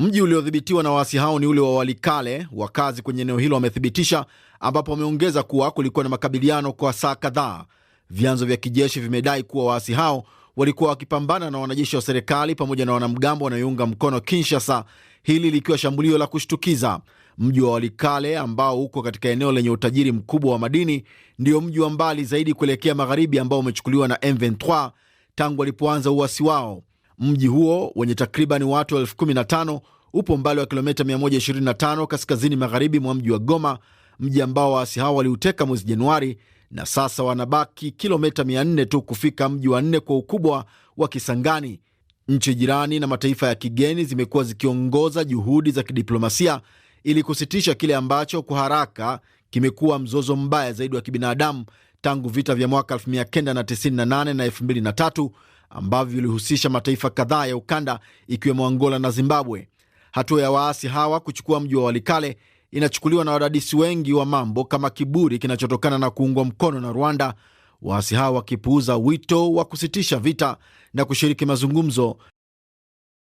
Mji uliodhibitiwa na waasi hao ni ule wa Walikale. Wakazi kwenye eneo hilo wamethibitisha, ambapo wameongeza kuwa kulikuwa na makabiliano kwa saa kadhaa. Vyanzo vya kijeshi vimedai kuwa waasi hao walikuwa wakipambana na wanajeshi wa serikali pamoja na wanamgambo wanaoiunga mkono Kinshasa, hili likiwa shambulio la kushtukiza. Mji wa Walikale ambao uko katika eneo lenye utajiri mkubwa wa madini ndio mji wa mbali zaidi kuelekea magharibi ambao umechukuliwa na M23 tangu walipoanza uasi wao. Mji huo wenye takribani watu elfu 15 upo umbali wa kilomita 125 kaskazini magharibi mwa mji wa Goma, mji ambao waasi hao waliuteka mwezi Januari, na sasa wanabaki kilomita 400 tu kufika mji wa nne kwa ukubwa wa Kisangani. Nchi jirani na mataifa ya kigeni zimekuwa zikiongoza juhudi za kidiplomasia ili kusitisha kile ambacho kwa haraka kimekuwa mzozo mbaya zaidi wa kibinadamu tangu vita vya mwaka 1998 na 2003 ambavyo vilihusisha mataifa kadhaa ya ukanda ikiwemo Angola na Zimbabwe. Hatua ya waasi hawa kuchukua mji wa Walikale inachukuliwa na wadadisi wengi wa mambo kama kiburi kinachotokana na kuungwa mkono na Rwanda, waasi hawa wakipuuza wito wa kusitisha vita na kushiriki mazungumzo